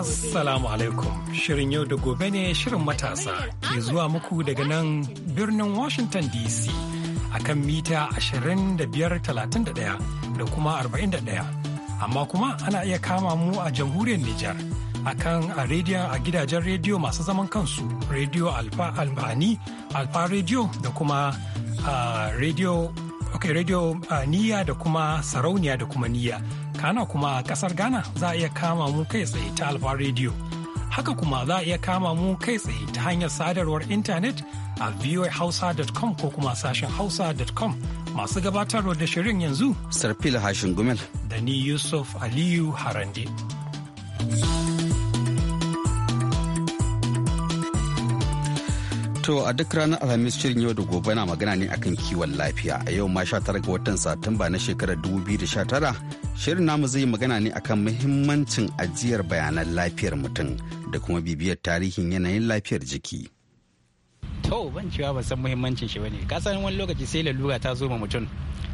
Assalamu alaikum. Shirin yau da gobe ne shirin matasa ke zuwa muku daga nan birnin Washington DC akan mita 2531 da kuma 41. Amma kuma ana iya kama mu a jamhuriyar Nijar akan a rediyon a gidajen rediyo masu zaman kansu rediyo alfa albani alfa Radio da kuma rediyo uh, niya da kuma sarauniya da kuma niya kana kuma a kasar ghana za a iya kama mu kai tsaye ta alfa radio haka kuma za a iya kama mu kai tsaye ta hanyar sadarwar intanet a voahausa.com ko kuma sashen hausa.com masu gabatarwa da shirin yanzu sarfila hashin gumel da ni yusuf aliyu harande. To a duk ranar Alhamis shirin yau da gobe na magana ne akan kiwon lafiya. A yau ma 19 ga watan Satumba na shekarar 2019 shirin namu zai magana ne akan muhimmancin ajiyar bayanan lafiyar mutum da kuma bibiyar tarihin yanayin lafiyar jiki. To ban cewa ba san muhimmancin shi bane. Ka san wani lokaci sai lalura ta zo ma mutum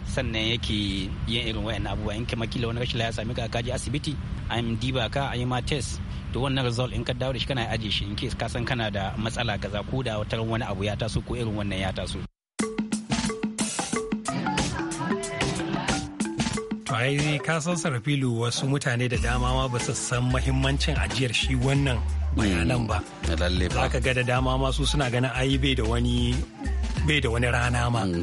sannan yake yin irin wayannan abubuwa in kama kila wani rashin ya sami ka kaji asibiti an diba ka an yi ma test to wannan result in ka dawo da shi kana aje shi in ke ka san kana da matsala kaza ko da wata wani abu ya taso ko irin wannan ya taso ai ka san sarfilu wasu mutane da dama ma ba su san muhimmancin ajiyar shi wannan bayanan ba mm, za ka ga da dama ma su suna ganin ai bai da wani bai da wani rana ma mm,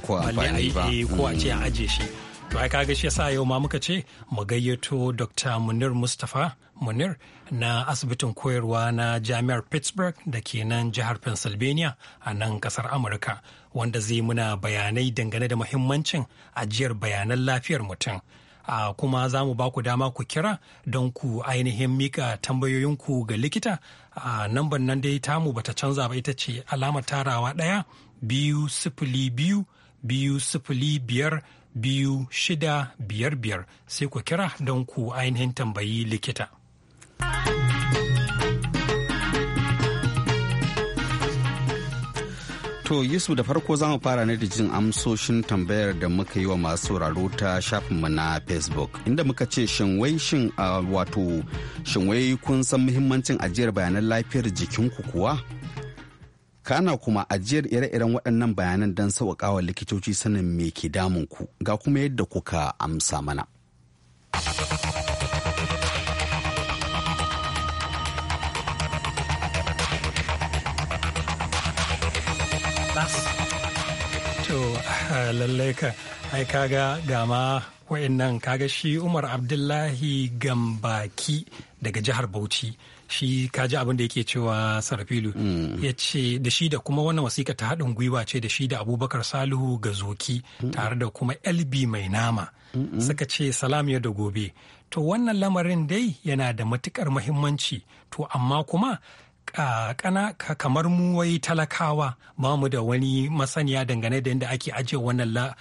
eh, ko a ce a mm. ajiye shi To ai kaga shi yasa yau ma muka ce mu gayyato Dr. Munir Mustapha Munir na asibitin koyarwa na Jami'ar Pittsburgh da ke nan jihar Pennsylvania a nan kasar Amurka wanda zai muna bayanai dangane da muhimmancin ajiyar bayanan lafiyar mutum. Uh, kuma za mu ba ku dama ku kira don ku ainihin mika tambayoyinku ga likita a uh, nan dai tamu bata canza ba ita ce alamar tarawa ɗaya biyu sifili biyu biyu sifili biyar biyu shida biyar biyar sai ku kira don ku ainihin tambayi likita. To Yusuf da farko za mu fara ne da jin amsoshin tambayar da muka yi wa masu sauraro ta shafinmu na Facebook inda muka ce shin wai shin ah, wato shin wai kun san muhimmancin ajiyar bayanan lafiyar jikinku kuwa kana kuma ajiyar ire-iren waɗannan bayanan don sauƙaƙawa likitoci sanin me ke damun ku ga kuma yadda kuka amsa mana. To, lallai ka, ai kaga gama wa'annan kaga shi Umar Abdullahi Gambaki daga jihar Bauchi. shi kaji abin da yake cewa sarfilu mm. ya ce da shi da kuma wannan wasika ta haɗin gwiwa ce da shi da abubakar salihu ga zoki mm. tare da kuma lb mai nama suka ce salam ya da gobe to wannan lamarin dai yana da matukar muhimmanci to amma kuma kana kamar mu wai talakawa ba mu da wani masaniya dangane da yadda ake ajiye wannan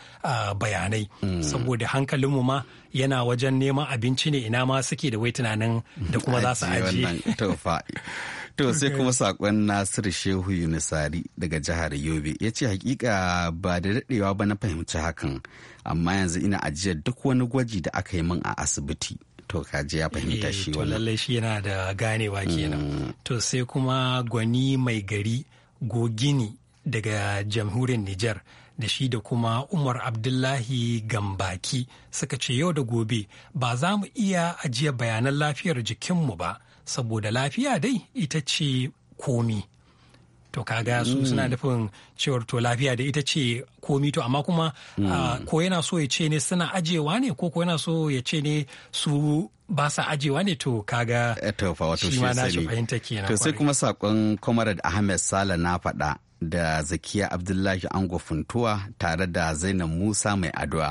bayanai hmm. saboda hankalinmu ma yana wajen neman abinci ne ina ma suke da wai tunanin da kuma za su ajiye To sai kuma sakon Nasiru Shehu Yunusari daga jihar Yobe ya ce hakika ba da daɗewa ba na fahimci hakan amma yanzu ina ajiyar duk wani gwaji da aka yi min a asibiti to kaji ya fahimta eh, shi wani lallai shi yana da ganewa kenan mm. to sai kuma gwani mai gari gogini daga jamhuriyar Nijar da shi da kuma Umar Abdullahi Gambaki suka ce yau da gobe ba za mu iya ajiye bayanan lafiyar jikinmu ba saboda lafiya dai ita ce komi. To kaga su mm. suna nufin cewar to lafiya da ita ce komi to amma kuma mm. ah, ko yana so ya ce ne suna ajewa ne ko ko yana so ya ce ne su ba sa ajewa ne to kaga eh, shi ma na shi fahimta kenan to sai kuma sakon comrade ahmed sala na faɗa da zakiya abdullahi ango funtuwa tare da zainab musa mai addu'a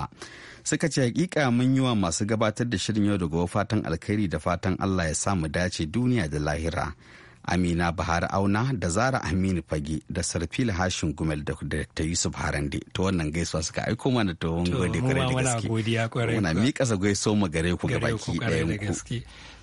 suka ce hakika mun yi wa masu gabatar da shirin yau da gobe fatan alkhairi da fatan allah ya samu dace duniya da lahira amina bahar auna da zara aminu fage da sarfila hashin gumel da dr yusuf harande ta wannan gaisuwa suka aiko mana ta wani gode da gaske muna miƙa sa gaiso mu gare ku gabaki ɗayan ku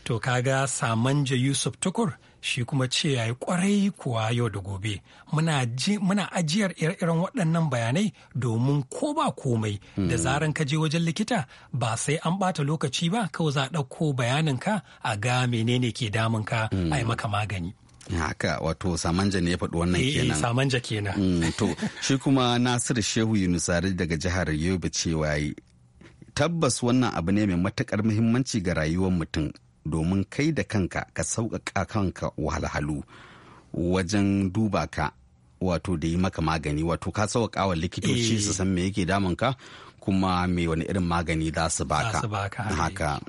To kaga Samanja Yusuf Tukur shi kuma ce ya yi kwarai kuwa yau da gobe. Muna ajiyar ire-iren waɗannan bayanai domin ko ba komai da hmm. zaran ka je wajen likita ba sai an ɓata lokaci ba kawai za a ɗauko bayaninka a ga menene ke damunka hmm. a yi maka magani. haka wato samanja ne ya faɗi wannan eh, eh, kenan samanja kenan hmm, to shi kuma nasiru shehu yunusari daga jihar yobe cewa tabbas wannan abu ne mai matukar muhimmanci ga rayuwar mutum domin kai da kanka ka sauƙaƙa kanka wahalhalu wajen duba ka wato da yi maka magani wato ka sauƙaƙa wa likitoci su eh. san me yake damun ka kuma me wani irin magani za su baka eh. haka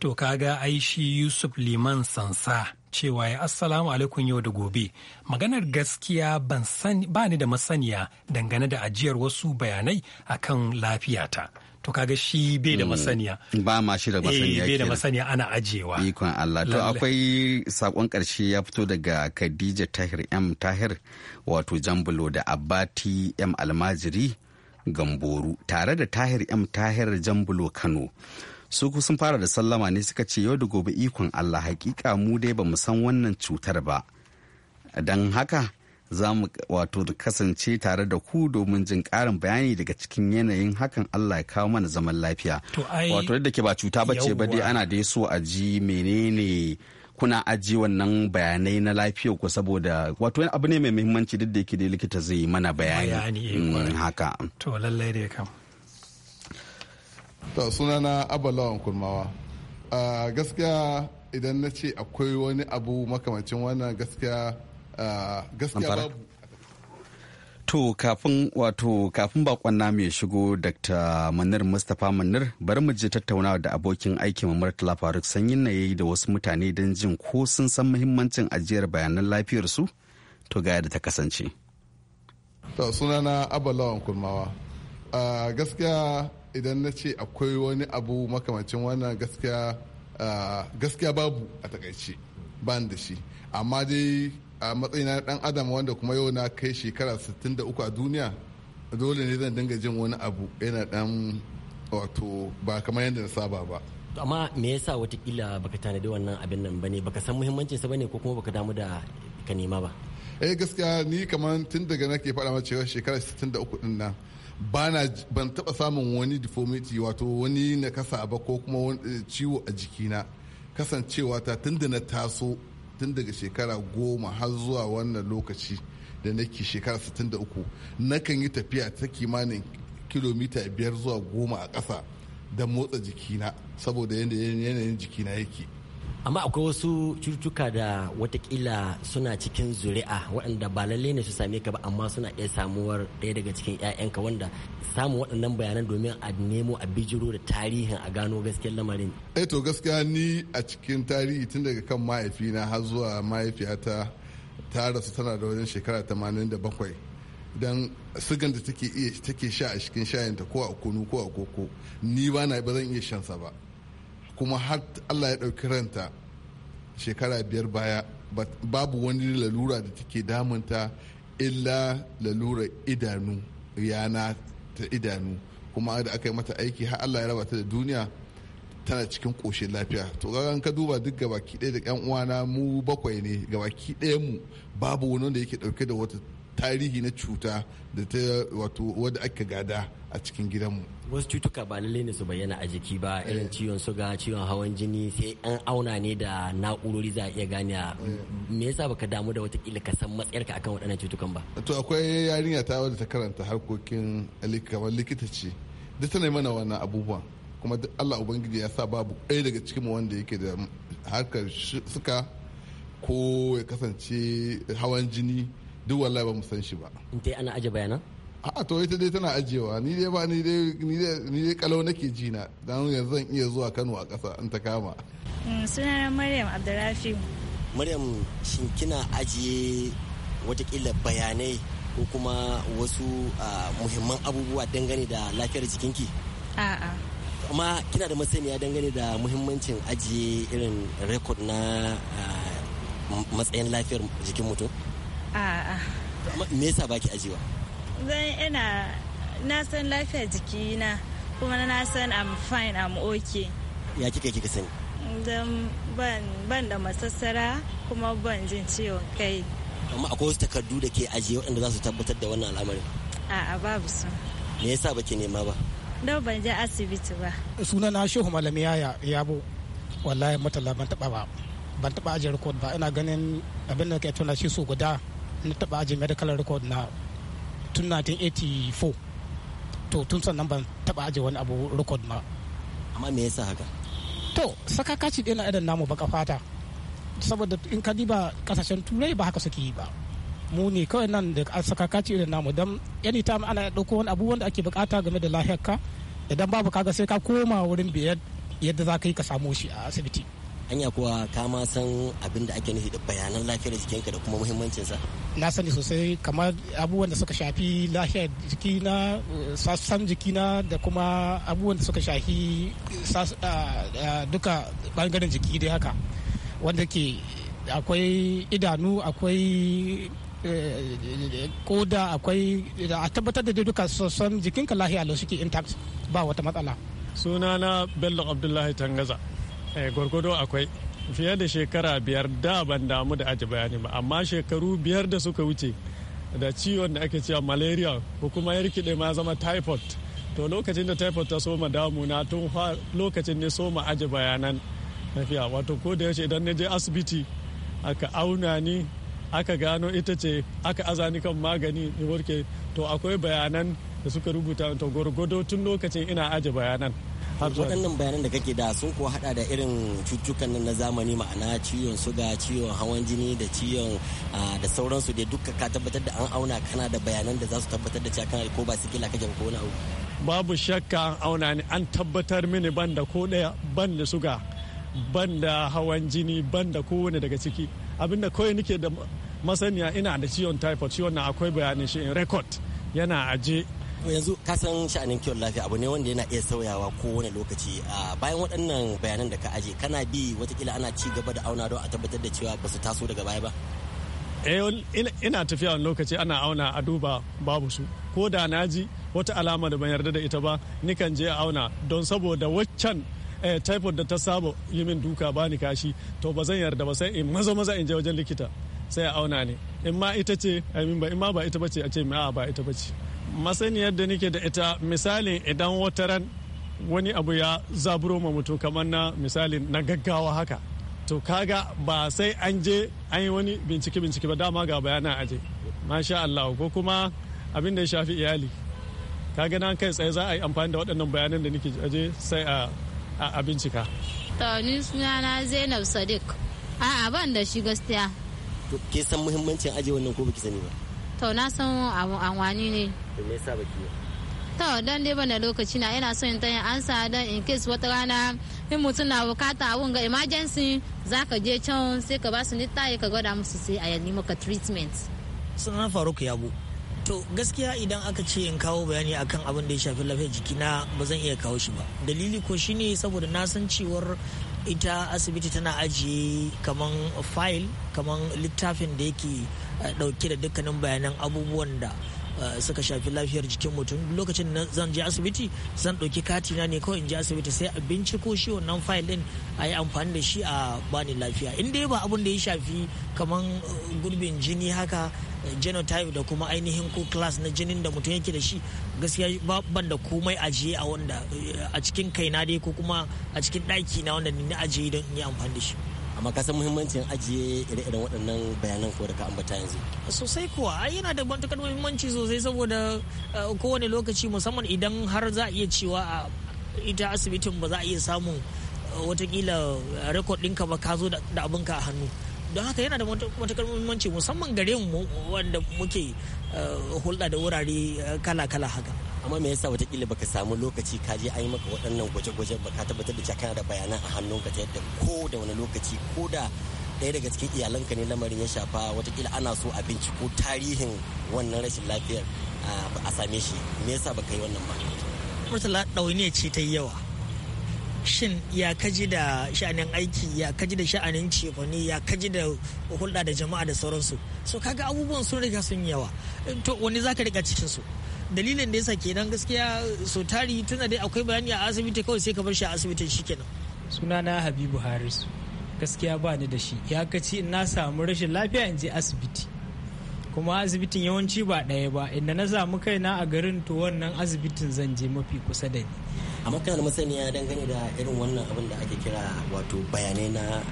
to kaga ai shi yusuf liman sansa cewa ya assalamu alaikum yau da gobe maganar gaskiya ba ni da masaniya dangane da ajiyar wasu bayanai akan lafiyata to kaga shi bai da hmm, masaniya ba ma shi da masaniya eh, bai da masaniya ana ajiyewa ikon Allah to akwai sakon karshe ya fito daga Khadija Tahir M Tahir wato Jambulo da Abati M Almajiri Gamboru tare da Tahir M Tahir Jambulo Kano su sun fara da sallama ne suka ce yau da gobe ikon allah hakika mu dai ba san wannan cutar ba don haka za mu wato kasance tare da ku domin jin karin bayani daga cikin yanayin hakan allah ya kawo mana zaman lafiya wato yadda ke ba cuta ba ce ba dai ana dai so a ji menene kuna aji wannan bayanai na lafiyar ku saboda wato abu ne mai muhimmanci duk da yake da likita zai mana bayani eh, mm, haka to lallai dai kam to sunana abalawan kurmawa a gaskiya idan na ce akwai wani abu makamacin wannan gaskiya gaskiya babu To kafin wato kafin bakon namu ya shigo Dr. Manir Mustapha Manir bari mu je tattauna da abokin aiki aikin Murtala Faruk Sanyin na yayi da wasu mutane don jin ko sun san muhimmancin ajiyar bayanan lafiyar su to ga yadda ta kasance. To sunana Abalawan Kulmawa. A gaskiya idan na ce akwai wani abu makamacin wannan gaskiya gaskiya babu a takaice ba da shi amma dai a matsayina dan adam wanda kuma yau na kai shekara 63 a duniya dole ne zan dinga jin wani abu yana dan wato ba kamar yadda na saba ba amma me yasa watakila baka tanadi wannan abin nan bane baka san muhimmancinsa bane ko kuma baka damu da ka nema ba eh gaskiya ni kamar tun daga nake faɗa ma cewa shekara 63 din nan bana ban taba samun wani deformity wato wani nakasa ba ko kuma eh, ciwo a jikina kasancewa ta tun na taso tun daga shekara goma har zuwa wannan lokaci da nake shekara 63 nakan yi tafiya ta kimanin kilomita biyar zuwa goma a ƙasa da motsa jikina saboda yanayin jikina yake amma akwai wasu cututtuka da watakila suna cikin zuri'a waɗanda ba lalle ne su same ka ba amma suna iya samuwar ɗaya daga cikin 'ya'yanka wanda samun waɗannan bayanan domin a nemo a bijiro da tarihin a gano gaskiyar lamarin eh to gaskiya ni a cikin tarihi tun daga kan mahaifina har zuwa mahaifiyata ta rasu tana da wajen shekara 87 dan sigan da take iya take sha a cikin shayinta ko a kunu ko a koko ni ba na ba zan iya shansa ba kuma har allah ya ɗauki ranta shekara biyar baya babu wani lalura da take damunta illa lalura idanu yana ta idanu kuma da aka yi mata aiki har allah ya raba ta da duniya tana cikin ƙoshin lafiya to an ka duba duk gabaki ɗaya da yan uwana mu bakwai ne gabaki ɗaya mu babu wani wanda yake ɗauke da wata tarihi na cuta da ta wato wadda aka gada a cikin gidanmu wasu cutuka ba lallai ne su bayyana a jiki ba irin ciwon suga ciwon hawan jini sai an auna ne da na'urori za a iya gane me yasa baka damu da watakila ka san matsayarka akan waɗannan cutukan ba to akwai yarinya ta wadda ta karanta harkokin kamar likita ce duk tana mana wannan abubuwa kuma duk Allah ubangiji ya sa babu ɗaya daga cikin mu wanda yake da harkar suka ko ya kasance hawan jini duk wallahi ba mu san shi ba. In ana aje bayanan? a to ita dai tana ajiyewa ni dai ba ni dai kalau nake ji na dan yanzu zan iya zuwa Kano a ƙasa in ta kama mm, na Maryam Abdurrafi Maryam shin kina ajiye watakila bayanai ko kuma wasu muhimman abubuwa dangane da lafiyar jikinki a'a amma kina da masaniya dangane da muhimmancin ajiye irin rekod na matsayin lafiyar jikin mutum a'a me yasa baki ajiyewa zan ina na san lafiya jikina kuma na san i'm fine i'm okay ya kike kika sani dan ban ban da masassara kuma ban jin ciwon kai amma akwai wasu takardu da ke ajiye waɗanda za su tabbatar da wannan al'amarin a'a babu su me yasa baki nema ba dan ban je asibiti ba sunan na shehu malami yaya yabo wallahi matala ban taba ba ban taba ajiye record ba ina ganin abin da kai tona shi su guda na taba ajiye medical record na tun 1984 to tun sannan ban taba aje wani abu record ma amma me yasa haka to sakakaci ɗaya na idan namu baka fata saboda in ka diba kasashen turai ba haka suke yi ba mu ne kawai nan da sakakaci irin namu dan yani ta ana ɗauko wani abu wanda ake bukata game da ka idan babu kaga sai ka koma wurin biyar yadda za ka yi ka samu shi a asibiti anya kuwa ka ma san abinda ake nufi da bayanan lafiyar jikinka da kuma muhimmancinsa na sani sosai kamar abubuwan da suka shafi lahiyar jiki na sassan jiki na da kuma abubuwan da suka shafi duka bangaren jiki dai haka wanda ke akwai idanu akwai koda eh, akwai a tabbatar da duka sassan jikinka lahiya da suke intact ba wata matsala sunana bello abdullahi tangaza eh, gwargwado akwai fiye da shekara biyar da ban damu da aji bayani ba amma shekaru biyar da suka wuce da ciwon da ake cewa malaria ko kuma ya rikide ma zama typhoid to lokacin da typhoid ta soma damu na tun lokacin ne soma aji bayanan tafiya wato ko da yaushe idan na je asibiti aka auna ni aka gano ita ce aka azani kan magani ne warke to akwai bayanan da suka rubuta to gwargwado tun lokacin ina aji bayanan waɗannan bayanan da kake da sun kuwa hada da irin cututtukan nan na zamani ma'ana ciwon suga ciwon hawan jini da ciwon da sauransu da duka ka tabbatar da an auna kana da bayanan da za su tabbatar da cewa ko ba sikila kake ko wani abu babu shakka an auna ni an tabbatar mini ban da ko daya ban da suga ban da hawan jini ban da kowane daga ciki abinda kawai nake da masaniya ina da ciwon typhoid ciwon na akwai bayanin shi in record yana aje yanzu ka san sha'anin kiwon lafiya abu ne wanda yana iya sauyawa kowane lokaci bayan waɗannan bayanan da ka aje kana bi watakila ana ci gaba da auna don a tabbatar da cewa ba su taso daga baya ba eh, ina tafiya wani lokaci ana auna a duba babu su ko da na ji wata alama da ban yarda da ita ba ni kan je a auna don saboda waccan eh, typhoid da ta saba yi min duka ba ni kashi to ba zan yarda ba sai in maza maza in je wajen likita sai a auna ne in ma ita ce in ma ba ita ba ce a ce a ah, ba ita ba ce masaniyar da nake da ita misalin idan ran wani abu ya zaburo ma mutum kamar na misalin na gaggawa haka to kaga ba sai an je an yi wani bincike bincike ba dama ga bayana aje masha Allah ko kuma abin da ya shafi iyali kaga nan kai tsaye za a yi amfani da waɗannan bayanan da nake aje sai a a bincika to ni sunana Zainab Sadiq a'a ban da shi gaskiya to ke san muhimmancin aje wannan ko ki sani ba to na san anwani ne to dan dai bana lokaci na ina son in yi ansa dan in case wata rana in mutum na bukata abun ga emergency za ka je can sai ka ba su littaye ka gwada musu sai a yanni maka treatment faru faruk yabo to gaskiya idan aka ce in kawo bayani akan abin da ya shafi lafiyar jikina ba zan iya kawo shi ba dalili ko shine saboda na san cewar ita asibiti tana ajiye kaman fayil kaman littafin da yake eh, dauke da dukkanin bayanan abubuwan da Eh, suka shafi lafiyar jikin mutum lokacin da zan je asibiti zan ɗauki katina ne kawai in je asibiti sai a binciko shi wannan fayil ɗin a yi amfani da shi a bani lafiya in dai ba abun da ya shafi kamar eh, gurbin jini haka eh, genotype da kuma ainihin ko class na jinin da mutum yake da shi gaskiya ban da komai ajiye a wanda a cikin kaina dai ko kuma a cikin ɗaki na wanda ni na ajiye don in yi amfani da shi. amma ka san muhimmancin ajiye ire-iren waɗannan bayanan ko da ka ambata yanzu sosai kuwa ai yana da matuƙar muhimmanci sosai saboda eh, kowane lokaci musamman idan har za a iya cewa a ita asibitin ba za a iya samun eh, watakila rekod ɗinka ba ka zo da abinka a hannu don haka yana da matuƙar muhimmanci musamman gare mu wanda muke eh, hulɗa da wurare eh, kala-kala haka amma me yasa watakila baka samu lokaci ka je an yi maka waɗannan gwaje-gwaje baka tabbatar da kana da bayanan a hannunka ta yadda ko da wani lokaci ko da ɗaya daga cikin iyalanka ne lamarin ya shafa watakila ana so a ko tarihin wannan rashin lafiyar eh, a same shi me yasa baka yi wannan ba murtala ɗauniya ce ta yi yawa shin ya kaji da sha'anin aiki ya kaji da sha'anin cefani ya kaji da hulɗa da jama'a da sauransu so kaga abubuwan sun riga sun yawa to wani zaka riga cikin su dalilin da yasa kenan gaskiya so tari tana dai akwai bayani a asibiti kawai sai ka bar shi a asibitin shikenan sunana habibu harisu gaskiya ba ni da shi ya kaci in na samu rashin lafiya in je asibiti kuma asibitin yawanci ba ɗaya ba inda na samu kaina a garin to wannan asibitin zan je mafi kusa da ni amma kana da masaniya dangane da irin wannan abin da ake kira wato bayanai na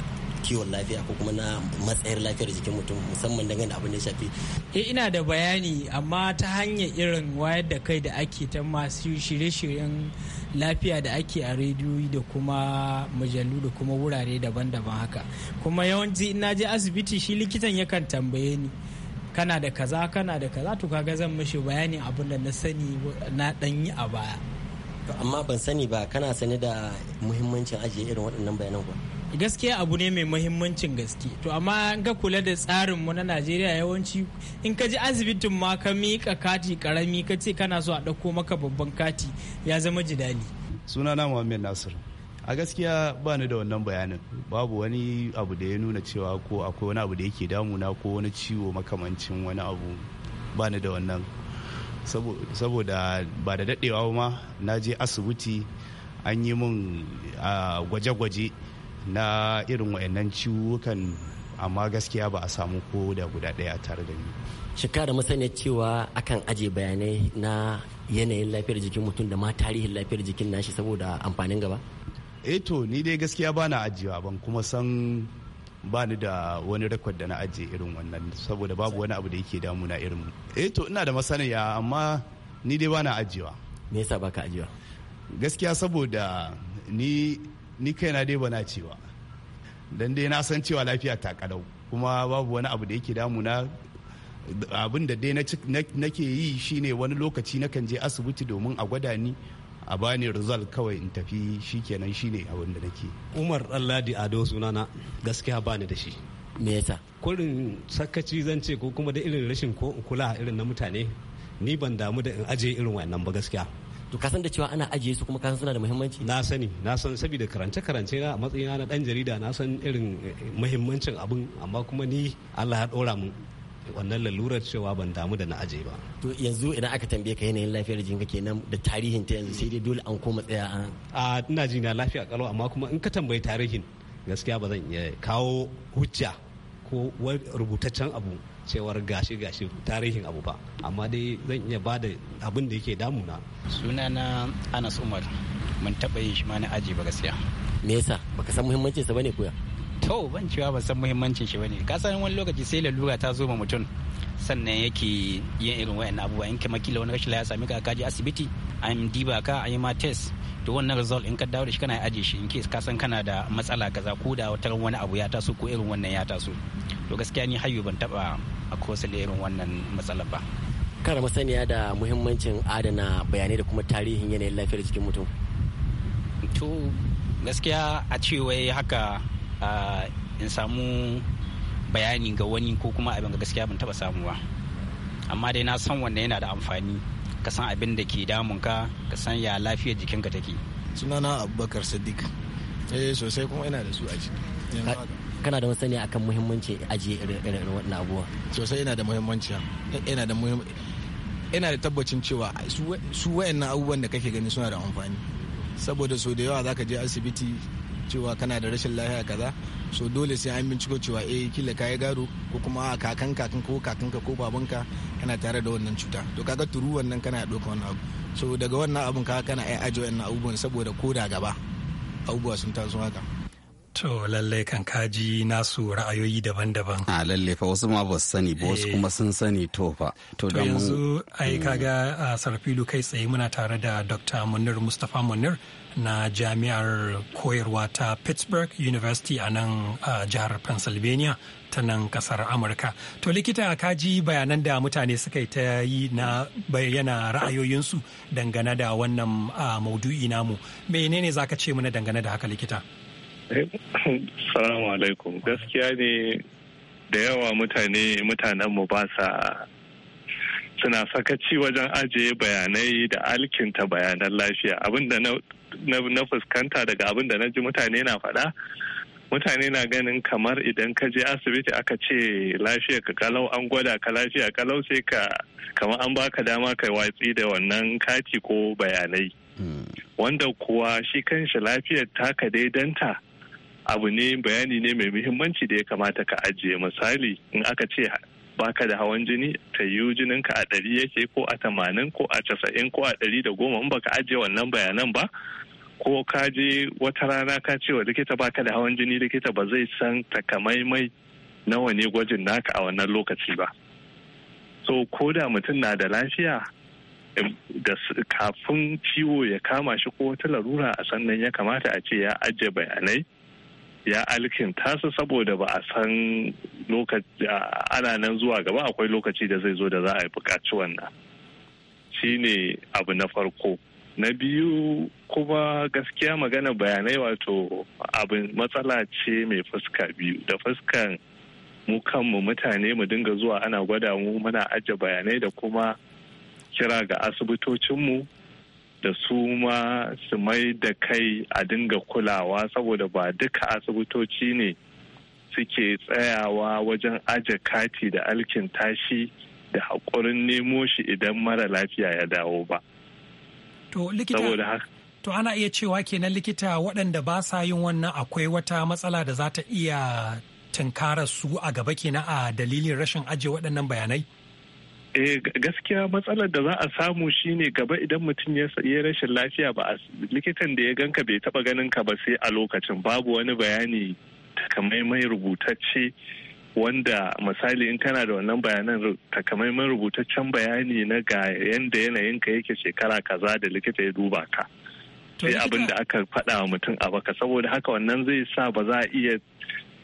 kiwon lafiya ko kuma na matsayar lafiyar jikin mutum musamman dangane da abin da ya shafi eh ina da bayani amma ta hanyar irin wayar da kai da ake ta masu shirye-shiryen lafiya da ake a rediyo da kuma mujallu da kuma wurare daban-daban haka kuma yawanci ina je asibiti shi likitan yakan tambaye ni kana da kaza kana da kaza to ga zan mishi bayanin abin da na sani na danyi a baya amma ban sani ba kana sani da muhimmancin ajiye irin waɗannan bayanan ba gaskiya abu ne mai muhimmancin gaske to amma in ka kula da tsarin mu na Najeriya yawanci in ka ji asibitin ma ka miƙa kati karami ka ce kana so a ɗauko maka babban kati ya zama jidali sunana Muhammad Nasir a gaskiya ba ni da wannan bayanin babu wani abu da ya nuna cewa ko akwai wani abu da yake damuna ko wani ciwo makamancin wani abu ba ni da wannan saboda ba da daɗewa ma na je asibiti an yi min gwaje-gwaje na irin wayannan ciwukan amma gaskiya ba a samu ko da guda ɗaya tare da ni. Shekara masaniyar cewa akan aje bayanai na yanayin lafiyar jikin mutum da ma tarihin lafiyar jikin nashi saboda amfanin gaba? Eto eh ni dai gaskiya ba na ajiyewa ban kuma san ba ni da wani rekod da na ajiye irin wannan saboda babu wani abu da yake damuna irin eh to ina da masaniya amma ni dai bana ajiyewa me yasa baka ajiyewa gaskiya saboda ni ni kaina dai bana cewa dan dai na san cewa lafiya ta kadau kuma babu wani abu da yake damuna abin da dai nake yi shine wani lokaci nakan je asibiti domin a gwada ni a bani result kawai in tafi shi kenan shi ne abin da nake umar ɗanladi ado sunana gaskiya bani da shi me yasa kurin sakaci zan ce ko kuma da irin rashin ko kula irin na mutane ni ban damu da in aje irin wannan ba gaskiya to kasan da cewa ana ajiye su kuma kasan suna da muhimmanci na sani na san saboda karance karance na matsayina na dan jarida na san irin eh, muhimmancin abin amma kuma ni Allah ya dora mu wannan lalurar cewa ban damu da na aje ba to yanzu idan aka tambaye ka yanayin lafiyar ke nan da tarihin ta yanzu sai dai dole an koma tsaya an a ina ji na lafiya kalau amma kuma in ka tambayi tarihin gaskiya ba zan iya kawo hujja ko rubutaccen abu cewar gashi gashi tarihin abu ba amma dai zan iya ba da abin da yake damuna sunana anas umar mun taɓa yin shi ma na aji ba gaskiya me yasa baka san muhimmancin sa bane koya to ban cewa ba san muhimmancin shi bane san wani lokaci sai lalura ta zo ma mutum sannan yake yin irin wayan abubuwa in kama kila wani rashin ya sami ka kaji asibiti an diba ka a yi ma test to wannan result in ka dawo da shi kana aje shi in ka san kana da matsala kaza ko da wata wani abu ya taso ko irin wannan ya taso to gaskiya ni hayo ban taba a kosa da irin wannan matsala ba kana masaniya da muhimmancin adana bayanai da kuma tarihin yanayin lafiyar jikin mutum to gaskiya a cewa haka in samu bayani ga wani ko kuma abin ga gaskiya ban taba samu ba amma dai na san wanda yana da amfani ka san abin da ke damun ka ka san ya lafiyar jikinka take sunana abubakar sadiq eh sosai kuma ina da su a ciki kana da wasani akan muhimmanci ajiye irin wannan abuwa sosai yana da muhimmanci yana da muhimmanci. yana da tabbacin cewa su wayannan abubuwan da kake gani suna da amfani saboda so da yawa zaka je asibiti cewa kana da rashin lafiya kaza so dole sai an binciko cewa eh kila kayi gado ko kuma kakan kakan ko kakan ka ko babanka kana tare da wannan cuta to kaga turu wannan kana ɗauka wannan abu so daga wannan abun kaga kana ai ajiye wannan abubuwan saboda ko da gaba abubuwa sun taso haka To lallai kan kaji nasu ra'ayoyi daban-daban. A ah, lalle fa wasu ma ba sani ba wasu eh. kuma sun sani to fa. To yanzu ai mm. kaga a ah, sarfilu kai tsaye muna tare da Dr. Munir Mustapha Munir na jami'ar koyarwa ta Pittsburgh University a nan jihar Pennsylvania ta nan kasar Amurka. To likita kaji bayanan da mutane suka yi ta yi na bayyana ra'ayoyinsu dangane da wannan ah, maudu'i namu. Menene zaka ce mana dangane da haka likita? Salamu alaikum. Gaskiya ne da yawa mutane mu ba sa suna sakaci wajen ajiye bayanai da alkinta bayanan lafiya abinda na fuskanta daga abinda na ji mutane na faɗa mutane na ganin kamar idan ka je asibiti aka ce lafiya ka kalau an gwada ka lafiya kalau sai ka kamar an baka dama kai watsi da wannan kati ko bayanai hmm. wanda kuwa shi kanshi lafiyar taka daidanta abu ne bayani ne mai muhimmanci da ya kamata ka ajiye misali in aka ce baka da hawan jini ta yi jininka a ɗari yake ko a tamanin ko a casa'in ko a ɗari da goma in baka ajiye wannan bayanan ba ko ka je wata rana ka ce wa likita baka da hawan jini likita ba zai san takamaimai nawa ne gwajin naka a wannan lokaci ba so ko da mutum na da lafiya da kafin ciwo ya kama shi ko wata larura a sannan ya kamata a ce ya ajiye bayanai ya alkin tasa saboda ba a san ana nan zuwa gaba akwai lokaci da zai zo da za a yi buƙaci wannan shi ne abu na farko na biyu kuma gaskiya magana bayanai wato abin matsala ce mai fuska biyu da fuskan mu kanmu mutane mu dinga zuwa ana gwada mu muna ajiye bayanai da kuma kira ga asibitocinmu da su ma su mai da kai a dinga kulawa saboda ba duka asibitoci ne suke tsayawa wajen aje kati da alkin tashi da haƙurin nemo shi idan mara lafiya ya dawo ba. To likita To ana iya cewa kenan likita waɗanda ba sa yin wannan akwai wata matsala da za ta iya tunkara su a gaba kenan a dalilin rashin ajiye waɗannan bayanai? eh gaskiya matsalar da za a samu shine gaba idan mutum ya yi rashin lafiya ba a likitan da ya ganka bai taba ganin ka ba sai a lokacin babu wani bayani takamaiman rubutacce wanda misali in kana da wannan bayanan takamaiman rubutaccen bayani na ga yanda yanayinka yake shekara kaza da likita ya duba ka sai abin da aka faɗa wa mutum a baka saboda haka wannan zai sa ba za a iya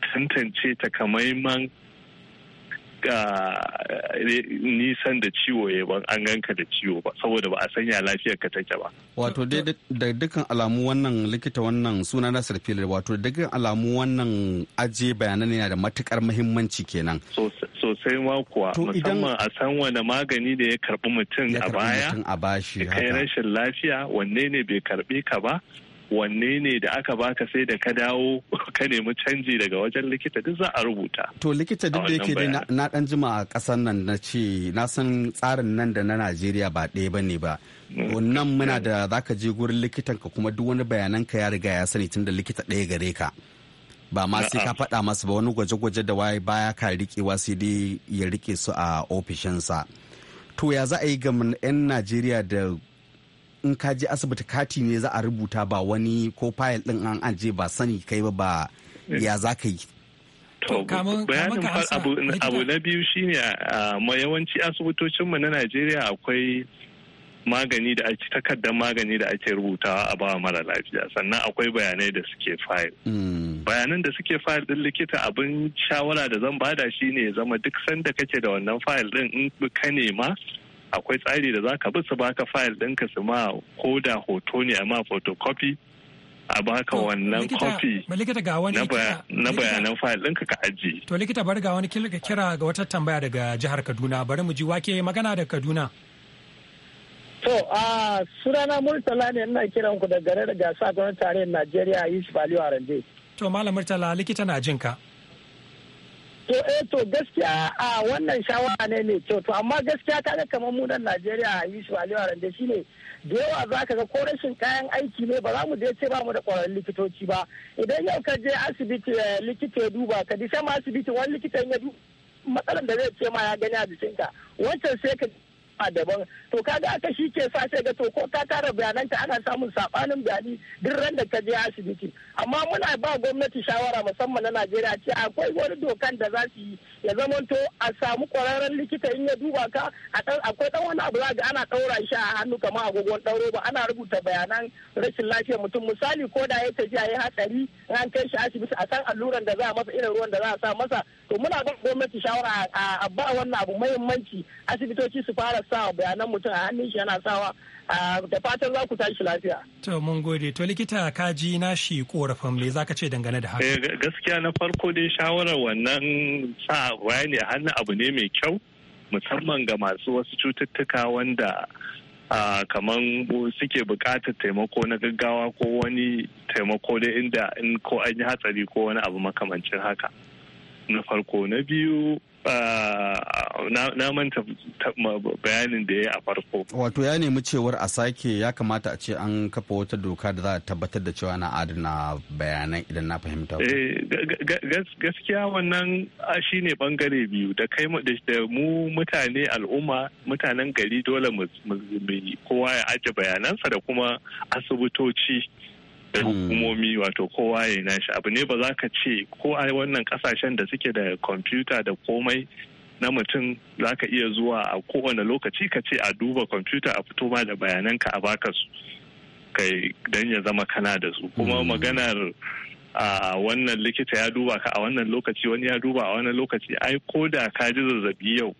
tantance takamaiman ka eh, nisan da ciwo ya ban an ganka da ciwo ba saboda ba a sanya lafiyar ka take ba wato da dukkan alamu wannan likita wannan suna na sarfila wato da dukkan alamu wannan aje bayanan yana da matukar muhimmanci kenan sosai ma kuwa musamman a san wani magani da ya karbi mutum a baya ya kai rashin lafiya wanne ne bai karbi ka ba wanne ne da aka baka sai da ka dawo ka nemi canji daga wajen likita duk za a rubuta to likita duk da yake na dan jima a kasar nan na ce na san tsarin nan da na Najeriya ba ɗaya ba ne ba wannan mm. muna mm. da za ka je gurin likitan ka kuma duk wani bayanan ka ya riga ya sani tun da likita ɗaya gare ka ba ma sai ka faɗa masa ba wani gwaje-gwaje da waye baya ka riƙewa sai dai ya riƙe su a ofishinsa to ya za a yi ga 'yan najeriya da in ka je asibiti kati ne za a rubuta ba wani ko fayil din an aje ba sani kai ba ba eh. ya za ka yi To, bayanin abu na biyu shine ah, a yawanci asibitocinmu na Najeriya akwai magani da ake takardar magani da ake rubutawa a bawa mara lafiya sannan akwai bayanai da suke fayil. Hmm. Bayanan da suke fayil din likita abin shawara da zan bada shine ya zama duk sanda kake da wannan fayil din in ka nema akwai tsari da za ka bi su baka fayil ɗinka su ma ko da hoto ne amma photocopy a baka wannan kofi na bayanan fayil ɗinka ka aji. To likita bari ga wani kira ga wata tambaya daga jihar Kaduna bari mu ji wake magana da Kaduna. To a sunana Murtala ne ina kiran ku da garin gasa gwamnatin tarayyar Najeriya East Aliyu Arande. To Malam Murtala likita na jinka. ka. To eh to gaskiya a wannan shawara ne mai kyau to amma gaskiya ta ga kamar mu nan Najeriya Yusuf Aliyu Arande shine da yawa za ka ga ko rashin kayan aiki ne ba za mu je ce ba mu da kwararrun likitoci ba idan yau ka je asibiti eh, likita ya duba ka dishe ma asibiti wani likitan ya duba matsalar da zai ce ma ya gani a jikinka wancan sai ka kafa daban to kaga aka shi ke sa sai ga to ko ka tara ta ana samun sabanin bayani duk ran da ka je asibiti amma muna ba gwamnati shawara musamman na Najeriya ce akwai wani dokan da za su yi ya zamanto a samu kwararren likita in ya duba ka akwai dan wani abu za ga ana daura shi a hannu kamar agogon dauro ba ana rubuta bayanan rashin lafiyar mutum misali ko da ya tafi ya yi hatsari an kai shi asibiti a san alluran da za a masa irin ruwan da za a sa masa to muna ba gwamnati shawara a ba wannan abu muhimmanci asibitoci su fara sa bayanan mutum a hannun shi yana sawa da fatan za ku tashi lafiya. To mun gode to likita ka ji na shi korafin me zaka ce dangane da haka. Eh, gaskiya na farko dai shawarar wannan sa bayani a hannun abu ne mai kyau musamman ga masu wasu cututtuka wanda Uh, kamar suke bukatar taimako na gaggawa ko wani taimako da inda in ko an yi hatsari ko wani abu makamancin haka na farko na biyu Uh, na manta bayanin da ya a farko. Wato ya nemi cewar a sake ya kamata a ce an kafa wata doka da za a tabbatar da cewa na adana bayanan idan na fahimta. Eh, gaskiya wannan shi ne bangare biyu da kai da mu mutane al'umma mutanen gari dole mu kowa ya ajiye bayanansa da kuma asibitoci. da mm. hukumomi wato kowa ya nashi abu ne ba za ka ce ko a wannan kasashen da suke da kwamfuta da komai na mutum za ka iya zuwa a kowane lokaci ka ce a duba kwamfuta a fito ma da bayananka a baka su kai don ya zama kana da su kuma mm. maganar a wannan likita ya duba ka a wannan lokaci wani ya duba a wannan lokaci ai ko da ka ji zazzabi yau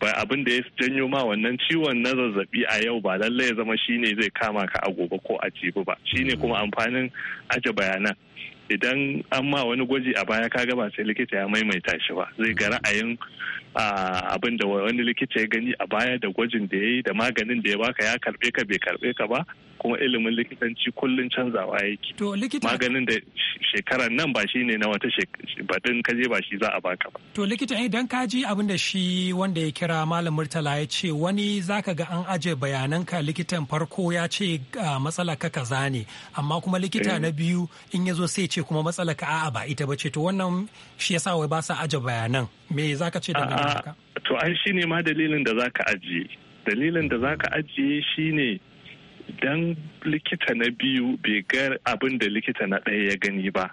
ba abin da ya janyo ma wannan ciwon na zazzabi a yau ba lallai ya zama shine zai kama ka a gobe ko a jibi ba shine kuma amfanin aje bayanan idan an ma wani gwaji a baya ka ba sai likita ya maimaita shi ba zai ga ra'ayin abin da wani likita ya gani a baya da gwajin da ya yi da maganin da ya baka ya karbe ka bai karbe ka ba kuma ilimin likitanci kullum canzawa yake maganin da shekaran nan ba shine na wata baɗin kaje ba shi za a baka ba to likita idan ka ji abin da shi wanda ya kira malam murtala ya ce wani zaka ga an aje bayananka likitan farko ya ce matsala ka kaza ne amma kuma likita eh. na biyu in yazo sai ce kuma matsala ka a'a ba ita bace to wannan shi yasa wai ba sa aje bayanan me zaka ce dangane da to shi shine ma dalilin da zaka ajiye dalilin da zaka ajiye shine Idan likita na biyu bai ga abin da likita na ɗaya ya gani ba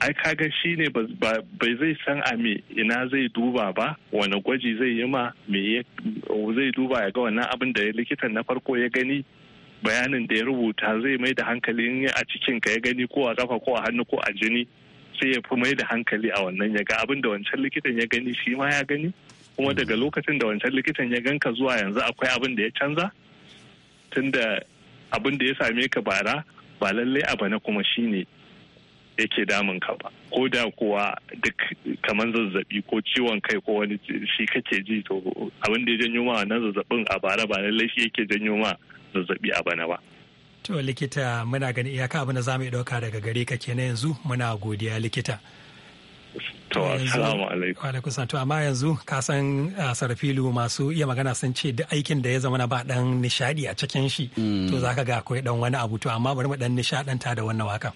ai kaga shi ne bai zai san a me ina zai duba ba wani gwaji zai yi ma me zai duba ya ga wannan abin da likitan na farko ya gani bayanin da ya rubuta zai mai da hankali in a cikin ka ya gani ko a kafa ko a hannu ko a jini sai ya fi mai da hankali a wannan ya ga abin da wancan likitan ya gani shi ma ya gani kuma daga lokacin da wancan likitan ya ganka zuwa yanzu akwai abin da ya canza tunda abin da ya same ka bara ba lallai a bana kuma shine yake damun ka ba ko da kuwa duk kamar zazzabi ko ciwon kai ko wani shi kake ji to abin da ya janyo ma wannan zazzabin a bara ba lallai shi yake janyo ma zazzabi a bana ba to likita muna gani iyaka abin da za mu ɗauka daga gare ka kenan yanzu muna godiya likita To, Wa alaikum amma yanzu ka san uh, sarfilu masu iya magana sun ce duk aikin da ya zama na ba dan nishadi a cikin shi. Mm. To zaka ga akwai dan wani abu to amma bari mu dan nishadanta da wannan waka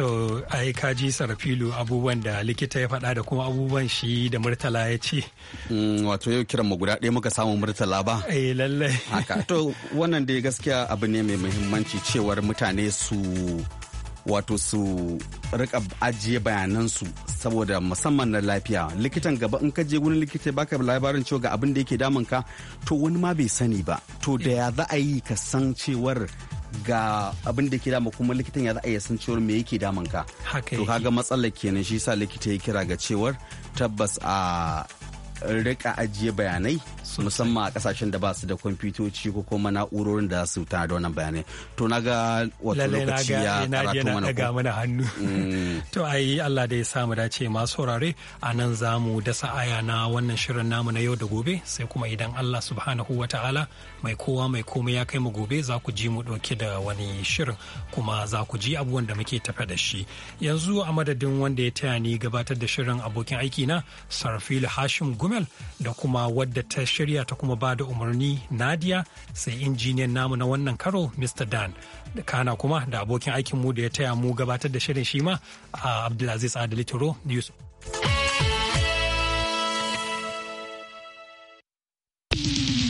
so a yi kaji sarafilu abubuwan da likita ya faɗa da kuma abubuwan shi da murtala ya ce mm, wato yau kiran mu guda ɗaya muka samu murtala ba eh lallai haka to wannan dai gaskiya abu ne mai muhimmanci cewar mutane su wato su rika ajiye bayanan su saboda musamman na lafiya likitan gaba in ka je wani likita baka labarin cewa ga abin da yake damun ka to wani ma bai sani ba to da ya za a yi ka san cewar ga abin da ke dama kuma likitan ya za a san cewar me yake damun ka to kaga matsalar kenan shi sa likita ya kira ga cewar tabbas a ah, rika ajiye bayanai musamman a kasashen da ba su da kwamfutoci ko kuma na'urorin da su tana da wannan bayanai to na ga wato lokaci ya karatu mana ko mana hannu mm. to ai Allah da ya samu dace masu saurare a nan za mu dasa aya na wannan shirin namu na yau da gobe sai kuma idan Allah subhanahu ta'ala mai kowa mai komai ya kai mu gobe za ku ji mu dauke da wani shirin kuma za ku ji abubuwan da muke tafe da shi yanzu a madadin wanda ya taya ni gabatar da shirin abokin aiki na Sarfil Hashim Gumi Gumel da kuma wadda ta shirya ta kuma bada umarni Nadia sai injiniyan namu na wannan karo Mr. Dan. Da kana kuma da abokin aikinmu da ya taya mu gabatar da shirin shi ma a Abdulaziz Adalitoro Turo Yusuf.